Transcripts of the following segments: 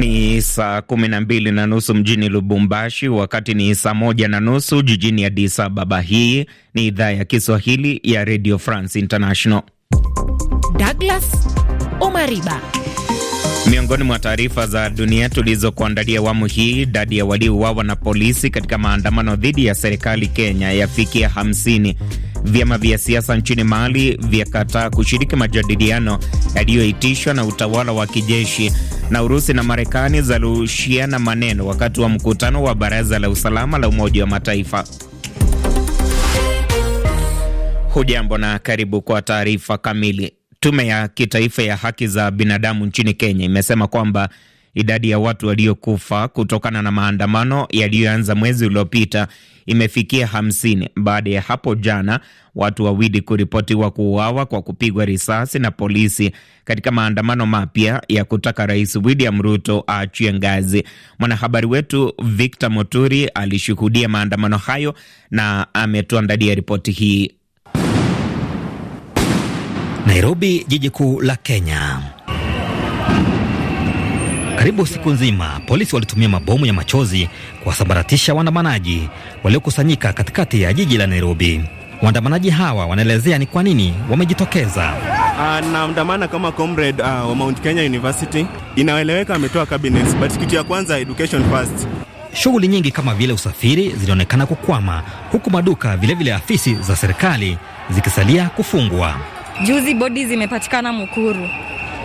Ni saa kumi na mbili na nusu mjini Lubumbashi, wakati ni saa moja na nusu jijini Addis Ababa. Hii ni idhaa ya Kiswahili ya Radio France International. Douglas Omariba Miongoni mwa taarifa za dunia tulizokuandalia awamu hii, idadi ya waliouawa na polisi katika maandamano dhidi ya serikali Kenya yafikia hamsini. Vyama vya siasa nchini Mali vyakataa kushiriki majadiliano yaliyoitishwa na utawala wa kijeshi. Na Urusi na Marekani zalushiana maneno wakati wa mkutano wa Baraza la Usalama la Umoja wa Mataifa. Hujambo na karibu kwa taarifa kamili. Tume ya Kitaifa ya Haki za Binadamu nchini Kenya imesema kwamba Idadi ya watu waliokufa kutokana na maandamano yaliyoanza mwezi uliopita imefikia hamsini baada ya hapo jana watu wawili kuripotiwa kuuawa kwa kupigwa risasi na polisi katika maandamano mapya ya kutaka Rais William Ruto aachie ngazi. Mwanahabari wetu Victor Moturi alishuhudia maandamano hayo na ametuandalia ripoti hii. Nairobi, jiji kuu la Kenya. Karibu siku nzima polisi walitumia mabomu ya machozi kuwasambaratisha waandamanaji waliokusanyika katikati ya jiji la Nairobi. Waandamanaji hawa wanaelezea ni kwa nini wamejitokeza. Uh, naandamana kama comrade uh, wa Mount Kenya University. Inaeleweka ametoa cabinets, but kitu ya kwanza education first. Shughuli nyingi kama vile usafiri zilionekana kukwama, huku maduka vilevile, afisi za serikali zikisalia kufungwa. Juzi bodi zimepatikana Mukuru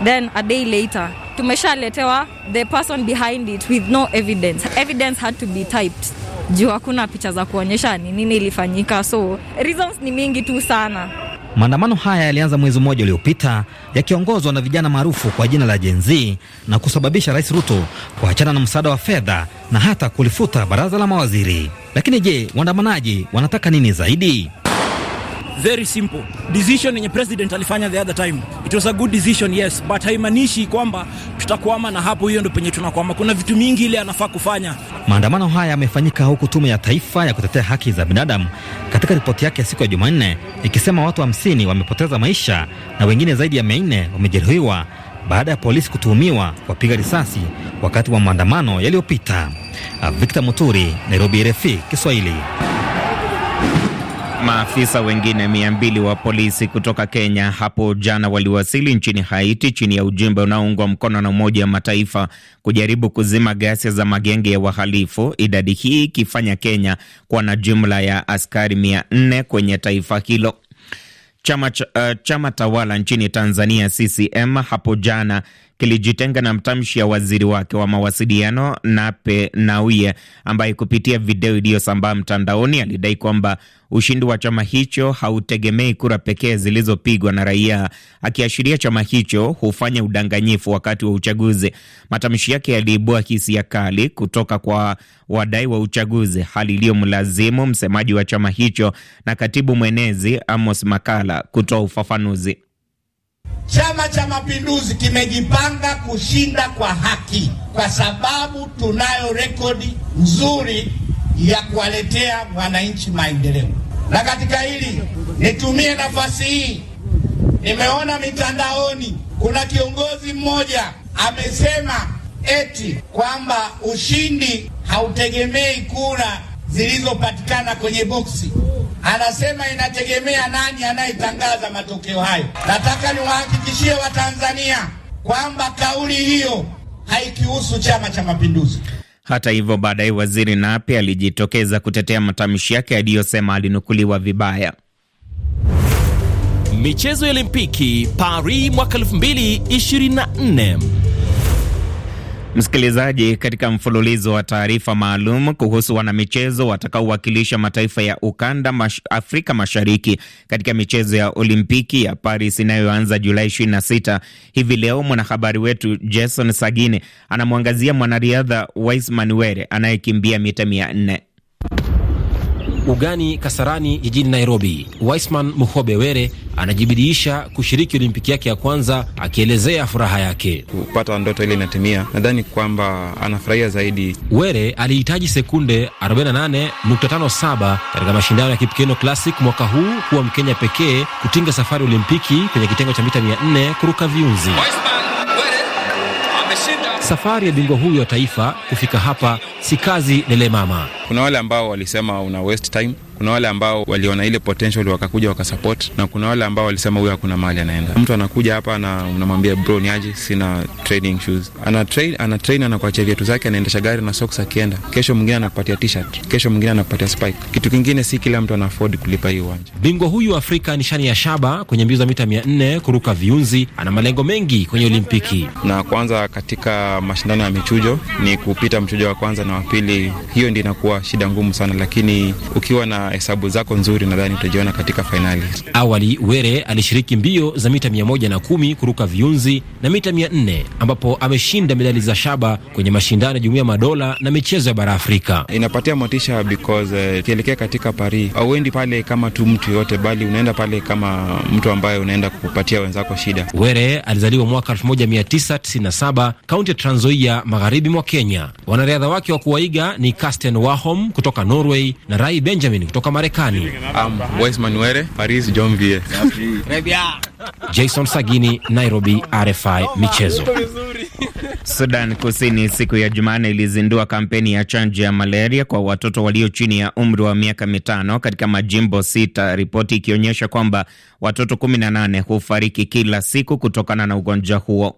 Then a day later tumeshaletewa the person behind it with no evidence. Evidence had to be typed juu hakuna picha za kuonyesha ni nini ilifanyika, so reasons ni mingi tu sana. Maandamano haya yalianza mwezi mmoja uliopita yakiongozwa na vijana maarufu kwa jina la Gen Z na kusababisha Rais Ruto kuachana na msaada wa fedha na hata kulifuta baraza la mawaziri. Lakini je, waandamanaji wanataka nini zaidi? Very simple decision yenye president alifanya the other time it was a good decision yes, but haimaanishi kwamba tutakwama na hapo, hiyo ndio penye tunakwama. Kuna vitu mingi ile anafaa kufanya. Maandamano haya yamefanyika huku tume ya taifa ya kutetea haki za binadamu katika ripoti yake ya siku ya Jumanne ikisema watu hamsini wa wamepoteza maisha na wengine zaidi ya mia nne wamejeruhiwa baada ya polisi kutuhumiwa kuwapiga risasi wakati wa maandamano yaliyopita. Victor Muturi, Nairobi, RFI Kiswahili. Maafisa wengine mia mbili wa polisi kutoka Kenya hapo jana waliwasili nchini Haiti chini ya ujumbe unaoungwa mkono na Umoja wa Mataifa kujaribu kuzima ghasia za magenge ya wahalifu, idadi hii ikifanya Kenya kuwa na jumla ya askari mia nne kwenye taifa hilo. Chama, uh, chama tawala nchini Tanzania CCM hapo jana kilijitenga na mtamshi ya waziri wake wa mawasiliano Nape Nnauye, ambaye kupitia video iliyosambaa mtandaoni alidai kwamba ushindi wa chama hicho hautegemei kura pekee zilizopigwa na raia, akiashiria chama hicho hufanya udanganyifu wakati wa uchaguzi. Matamshi yake yaliibua hisia kali kutoka kwa wadai wa uchaguzi, hali iliyomlazimu msemaji wa chama hicho na katibu mwenezi Amos Makala kutoa ufafanuzi. Chama cha Mapinduzi kimejipanga kushinda kwa haki, kwa sababu tunayo rekodi nzuri ya kuwaletea wananchi maendeleo. Na katika hili nitumie nafasi hii, nimeona mitandaoni kuna kiongozi mmoja amesema eti kwamba ushindi hautegemei kura zilizopatikana kwenye boksi. Anasema inategemea nani anayetangaza matokeo hayo. Nataka niwahakikishie Watanzania kwamba kauli hiyo haikihusu Chama cha Mapinduzi. Hata hivyo, baadaye Waziri Nape alijitokeza kutetea matamshi yake aliyosema alinukuliwa vibaya. Michezo ya Olimpiki Paris mwaka 2024 Msikilizaji, katika mfululizo wa taarifa maalum kuhusu wanamichezo watakaowakilisha mataifa ya ukanda mash, Afrika Mashariki katika michezo ya Olimpiki ya Paris inayoanza Julai 26, hivi leo mwanahabari wetu Jason Sagine anamwangazia mwanariadha Wais Manuere anayekimbia mita nne ugani Kasarani jijini Nairobi. Wiseman Muhobe Were anajibidiisha kushiriki Olimpiki yake ya kwanza, akielezea furaha yake kupata ndoto ile inatimia. Nadhani kwamba anafurahia zaidi. Were alihitaji sekunde 48.57 katika mashindano ya Kipkeno Classic mwaka huu kuwa Mkenya pekee kutinga safari Olimpiki kwenye kitengo cha mita 400 kuruka viunzi. Safari ya bingwa huyu wa taifa kufika hapa si kazi lele mama. Kuna wale ambao walisema una waste time, kuna wale ambao waliona ile potential wakakuja wakasupport, na kuna wale ambao walisema huyo hakuna mahali anaenda. Mtu anakuja hapa na unamwambia bro, ni aje, sina training shoes, ana train ana train, anakuachia viatu zake, anaendesha gari na socks akienda. Kesho mwingine anakupatia t-shirt, kesho mwingine anakupatia spike. Kitu kingine, si kila mtu ana afford kulipa hii uwanja. Bingwa huyu Afrika nishani ya shaba kwenye mbio za mita 400 kuruka viunzi, ana malengo mengi kwenye Olimpiki, na kwanza katika mashindano ya michujo ni kupita mchujo wa kwanza na na wapili, hiyo ndio inakuwa shida ngumu sana, lakini ukiwa na hesabu zako nzuri, nadhani utajiona katika fainali. Awali Were alishiriki mbio za mita kumi kuruka viunzi na mita nne ambapo ameshinda medali za shaba kwenye mashindano ya Jumuiya Madola na michezo ya bara Afrika. Inapatia motisha because ukielekea eh, uh, katika Paris auendi pale kama tu mtu yoyote, bali unaenda pale kama mtu ambaye unaenda kupatia wenzako shida. Were alizaliwa mwaka 1997 kaunti ya Trans Nzoia magharibi mwa Kenya. Wanariadha wake wa kuwaiga ni Casten Wahom kutoka Norway na Rai Benjamin kutoka Marekani. Um, Wes Manuere, Paris, Jason Sagini, Nairobi, RFI Michezo. Sudan Kusini siku ya Jumanne ilizindua kampeni ya chanjo ya malaria kwa watoto walio chini ya umri wa miaka mitano katika majimbo sita, ripoti ikionyesha kwamba watoto 18 hufariki kila siku kutokana na ugonjwa huo.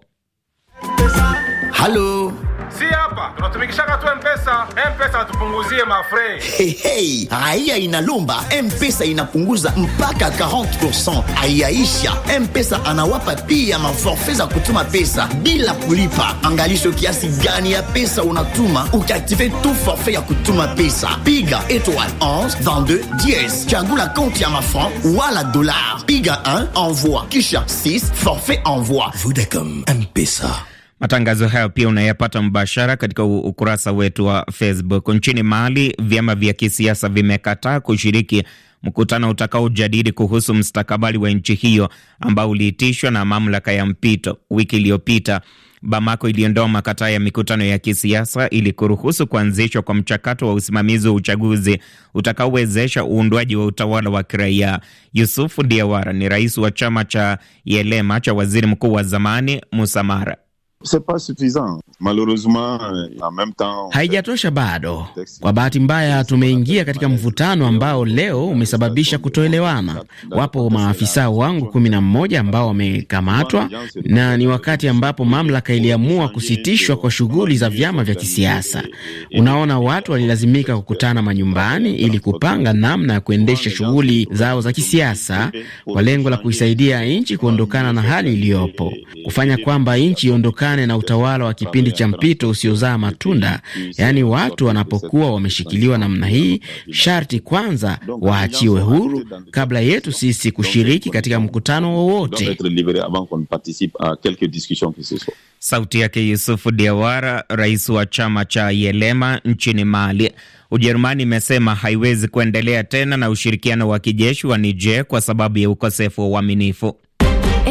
Halo. si hapa tunatumikisha tu Mpesa. Mpesa tupunguzie mafre. Hey, hey. Aya inalomba Mpesa inapunguza mpaka 40%. Ayaisha Mpesa anawapa pia maforfe za kutuma pesa bila kulipa. Angalisho kiasi gani ya pesa unatuma ukiaktive tu forfe ya kutuma pesa. Piga étoile 11 22 10, chagula konti ya mafran wala dolar. Piga 1 envoi, kisha 6 forfait envoi. Vodacom Mpesa. Matangazo hayo pia unayapata mbashara katika ukurasa wetu wa Facebook. Nchini Mali, vyama vya kisiasa vimekataa kushiriki mkutano utakaojadili kuhusu mstakabali wa nchi hiyo ambao uliitishwa na mamlaka ya mpito wiki iliyopita. Bamako iliondoa makataa ya mikutano ya kisiasa ili kuruhusu kuanzishwa kwa mchakato wa usimamizi wa uchaguzi utakaowezesha uundwaji wa utawala wa kiraia. Yusufu Diawara ni rais wa chama cha Yelema cha waziri mkuu wa zamani Musa Mara pas suffisant. Malheureusement, en même temps, euh, haijatosha bado. Kwa bahati mbaya, tumeingia katika mvutano ambao leo umesababisha kutoelewana. Wapo maafisa wangu kumi na mmoja ambao wamekamatwa, na ni wakati ambapo mamlaka iliamua kusitishwa kwa shughuli za vyama vya kisiasa. Unaona, watu walilazimika kukutana manyumbani ili kupanga namna ya kuendesha shughuli zao za kisiasa kwa lengo la kuisaidia nchi kuondokana na hali iliyopo, kufanya kwamba nchi iondokane tuepukane na utawala wa kipindi cha mpito usiozaa matunda, yaani watu wanapokuwa wameshikiliwa namna hii, sharti kwanza waachiwe huru kabla yetu sisi kushiriki katika mkutano wowote. Sauti yake Yusufu Diawara, rais wa chama cha Yelema nchini Mali. Ujerumani imesema haiwezi kuendelea tena na ushirikiano wa kijeshi wa Niger kwa sababu ya ukosefu wa uaminifu.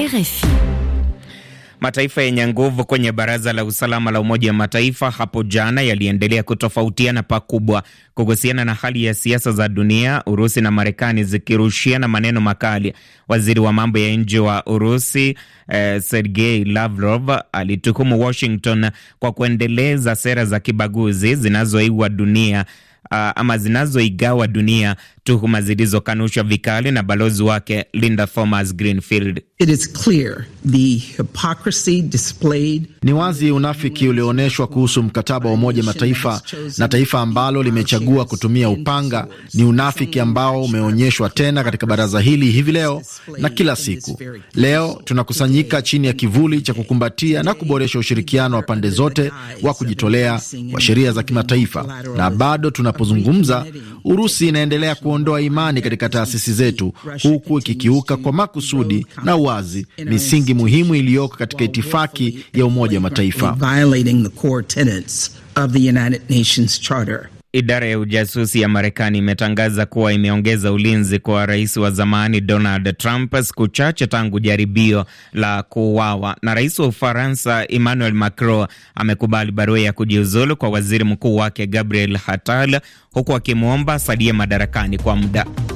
RFI Mataifa yenye nguvu kwenye Baraza la Usalama la Umoja wa Mataifa hapo jana yaliendelea kutofautiana pakubwa kuhusiana na hali ya siasa za dunia, Urusi na Marekani zikirushiana maneno makali. Waziri wa mambo ya nje wa Urusi eh, Sergei Lavrov alituhumu Washington kwa kuendeleza sera za kibaguzi zinazoiwa dunia ama zinazoigawa dunia, tuhuma zilizokanushwa vikali na balozi wake Linda Thomas Greenfield. It is clear the hypocrisy displayed... ni wazi unafiki ulioonyeshwa kuhusu mkataba wa Umoja Mataifa na taifa ambalo limechagua kutumia upanga. Ni unafiki ambao umeonyeshwa tena katika baraza hili hivi leo na kila siku. Leo tunakusanyika chini ya kivuli cha kukumbatia na kuboresha ushirikiano wa pande zote wa kujitolea wa sheria za kimataifa na bado tuna tunapozungumza, Urusi inaendelea kuondoa imani katika taasisi zetu, huku ikikiuka kwa makusudi na uwazi misingi muhimu iliyoko katika itifaki ya Umoja wa Mataifa. Idara ya ujasusi ya Marekani imetangaza kuwa imeongeza ulinzi kwa rais wa zamani Donald Trump siku chache tangu jaribio la kuuawa. Na rais wa Ufaransa Emmanuel Macron amekubali barua ya kujiuzulu kwa waziri mkuu wake Gabriel Attal, huku akimwomba asalie madarakani kwa muda.